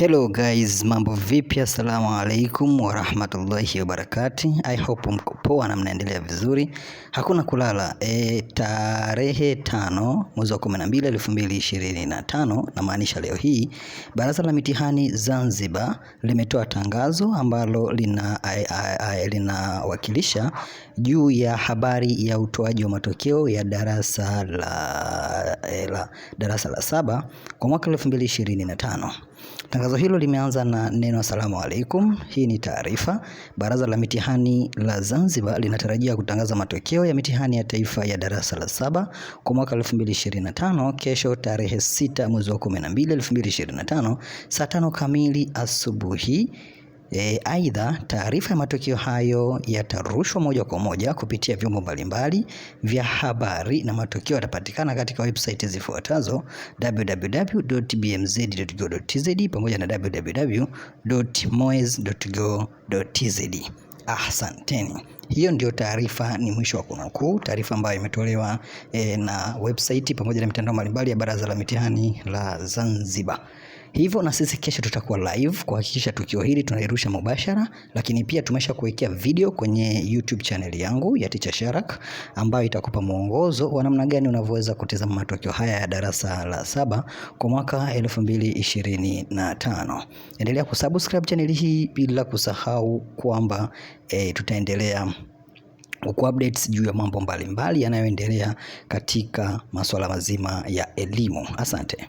Hello guys, mambo vipi? Assalamu alaikum warahmatullahi wabarakati. I hope mko poa na mnaendelea vizuri, hakuna kulala. E, tarehe tano mwezi wa 12 2025, na maanisha leo hii Baraza la Mitihani Zanzibar limetoa tangazo ambalo linawakilisha lina juu ya habari ya utoaji wa matokeo ya darasa la la darasa la saba kwa mwaka 2025. Tangazo hilo limeanza na neno asalamu alaikum. Hii ni taarifa. Baraza la mitihani la Zanzibar linatarajia kutangaza matokeo ya mitihani ya taifa ya darasa la saba kwa mwaka 2025 kesho tarehe 6 mwezi wa 12 2025 saa tano kamili asubuhi E, aidha taarifa ya matukio hayo yatarushwa moja kwa moja kupitia vyombo mbalimbali vya habari na matukio yatapatikana katika website zifuatazo www.bmz.go.tz pamoja na www.moez.go.tz. Ahsanteni. Hiyo ndio taarifa, ni mwisho wa kunukuu, taarifa ambayo imetolewa e, na website pamoja na mitandao mbalimbali ya Baraza la Mitihani la Zanzibar. Hivyo na sisi kesho tutakuwa live kuhakikisha tukio hili tunairusha mubashara, lakini pia tumesha kuwekea video kwenye YouTube channel yangu ya Teacher Sharak ambayo itakupa mwongozo wa namna gani unavyoweza kutizama matokeo haya ya darasa la saba kwa mwaka 2025. Endelea kusubscribe channel hii bila kusahau kwamba e, tutaendelea updates juu ya mambo mbalimbali yanayoendelea katika masuala mazima ya elimu. Asante.